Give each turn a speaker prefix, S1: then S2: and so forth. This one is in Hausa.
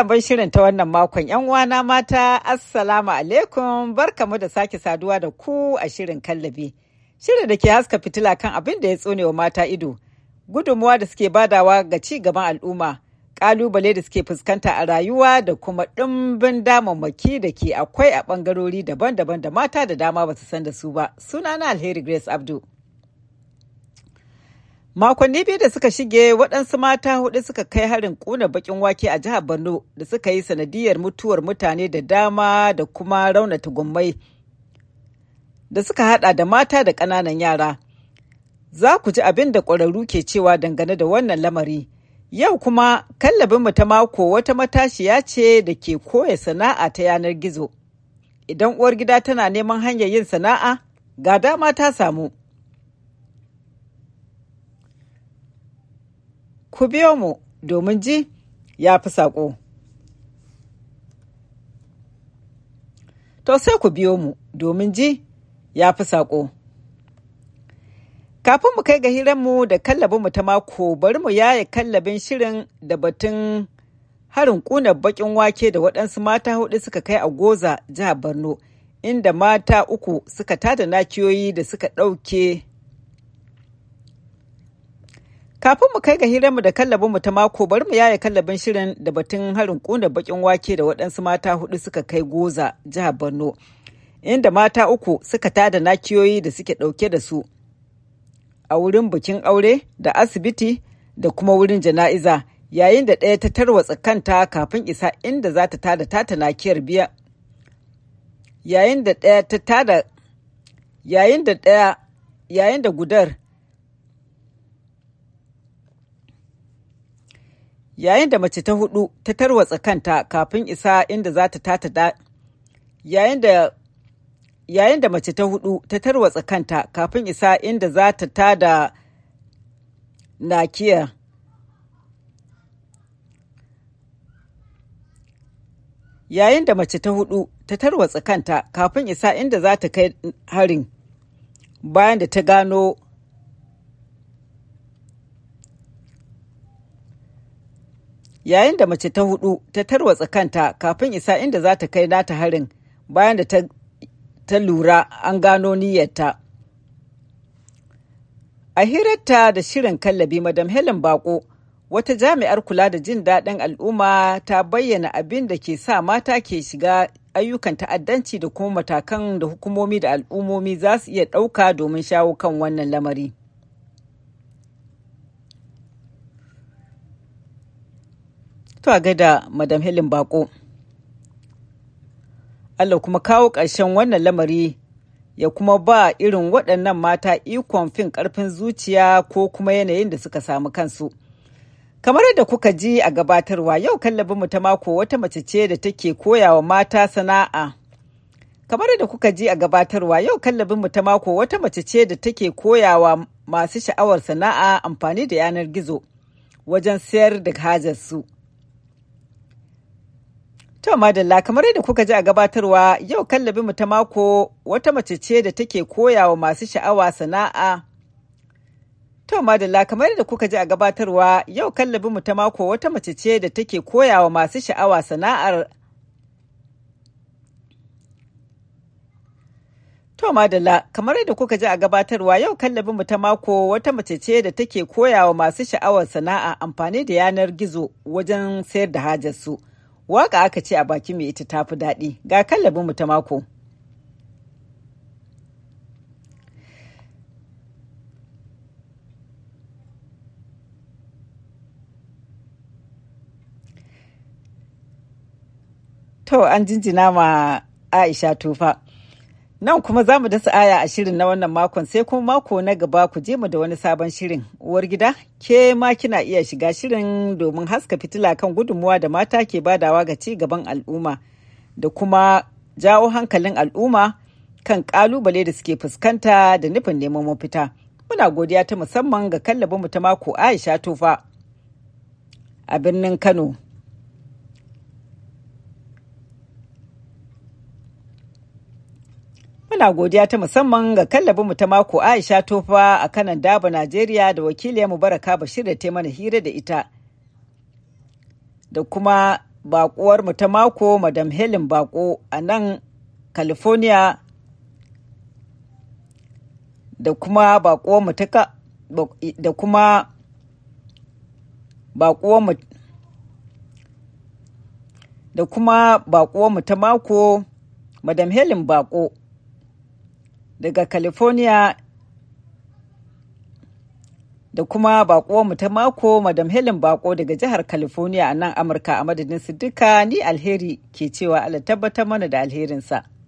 S1: Lalaban shirin ta wannan makon ‘yan uwana mata, Assalamu alaikum, barkamu da sake saduwa da ku a shirin kallabi. Shirin da ke haska fitila kan abin da ya tsone wa mata ido, gudunmuwa da suke badawa ga ci gaban al'umma, ƙalubale da suke fuskanta a rayuwa da kuma ɗimbin damammaki da ke akwai a bangarori daban-daban da mata da dama ba su san da su ba. Sunana Alheri Grace Abdu. Makonni biyu da suka shige waɗansu mata hudu suka kai harin kuna bakin wake a jihar Borno da suka yi sanadiyar mutuwar mutane da dama da kuma raunata gummai da suka hada da mata da ƙananan yara. Za ku ji abin da ƙwararru ke cewa dangane da wannan lamari. Yau kuma kallabin mu ta mako wata matashiya ce da ke koya sana'a ta yanar gizo. Idan uwar gida tana neman hanyar yin sana'a, ga dama ta samu. ku biyo mu domin ji ya fi saƙo. To sai ku biyo mu domin ji ya fi saƙo. Kafin mu kai ga hiranmu da mu ta mako bari mu yaye kallabin shirin da batun harin ƙunar baƙin wake da waɗansu mata hudu suka kai a Goza jihar Borno inda mata uku suka tada nakiyoyi da suka ɗauke Kafin mu kai ga hiranmu da kallabinmu ta mako bari mu yaya kallabin shirin da batun harin kuna bakin wake da waɗansu mata hudu suka kai goza jihar Borno. Inda mata uku suka tada nakiyoyi da suke ɗauke da su a wurin bikin aure da asibiti da kuma wurin jana'iza yayin da ɗaya ta tarwatsa kanta kafin isa inda za ta tada tata nakiyar biya yayin da ɗaya ta tada yayin da ɗaya yayin da gudar yayin da mace ta hudu ta tarwatsa kanta kafin isa inda za ta tata da yayin da yayin da mace ta hudu ta tarwatsa kanta kafin isa inda za ta tada nakiya yayin da mace ta hudu ta tarwatsa kanta kafin isa inda za ta kai harin bayan da ta gano yayin da mace ta hudu ta tarwatsa kanta kafin isa inda za ta kai nata harin bayan da ta lura an gano niyyarta. A hirarta da shirin kallabi Madam Helen Bako, wata jami'ar kula da jin daɗin al'umma ta bayyana abin da ke sa mata ke shiga ayyukan ta'addanci da kuma matakan da hukumomi da al'ummomi za su iya ɗauka domin shawo kan wannan lamari. To a da Madam Helen Bako. Allah kuma kawo ƙarshen wannan lamari ya kuma ba irin waɗannan mata ikon fin ƙarfin zuciya ko kuma yanayin da suka samu kansu. Kamar yadda kuka ji a gabatarwa yau kallabinmu ta mako wata mace ce da take koyawa mata sana'a. Kamar yadda kuka ji a gabatarwa yau kallabinmu ta mako wata mace ce da take koyawa masu sha'awar sana'a amfani da yanar gizo wajen sayar da hajarsu. su. To Madalla kamar yadda kuka ji a gabatarwa yau kallabi mu ta mako wata mace ce da take koya wa masu sha'awa sana'a. To Madalla kamar yadda kuka ji a gabatarwa yau kallabi mu ta mako wata mace ce da take koya wa masu sha'awa sana'ar To Madalla kamar yadda kuka ji a gabatarwa yau kallabin mu ta mako wata mace ce da take koya wa masu sha'awar sana'a amfani da yanar gizo wajen sayar da hajarsu. su. Waka aka ce a baki mai ita tafi daɗi ga kallabin mu ta mako. To an jinjina ma Aisha tufa. Nan kuma za mu dasa aya a shirin na wannan makon sai kuma mako na gaba ku je mu da wani sabon shirin. Uwar gida, ke ma kina iya shiga shirin domin haska fitila kan gudunmuwa da mata ke badawa ga ci gaban al'umma da kuma jawo hankalin al'umma kan kalubale da suke fuskanta da nufin neman mafita. Muna godiya ta musamman ga kallabinmu ta mako Aisha tufa a birnin Kano. muna godiya ta musamman ga kallabin mu ta mako Aisha Tofa a kanan Daba Najeriya da wakiliya mu baraka Bashir da ta mana hira da ita. Da kuma bakuwar mu ta mako Madam Helen Bako a nan California da kuma bakuwar mu ta da kuma bakuwar mu da kuma bakuwar mu ta mako Madam Helen Bako daga California da kuma mu ta mako Madam Helen Bako daga jihar California a nan Amurka a madadin su duka ni alheri ke cewa Allah tabbatar mana da alherinsa.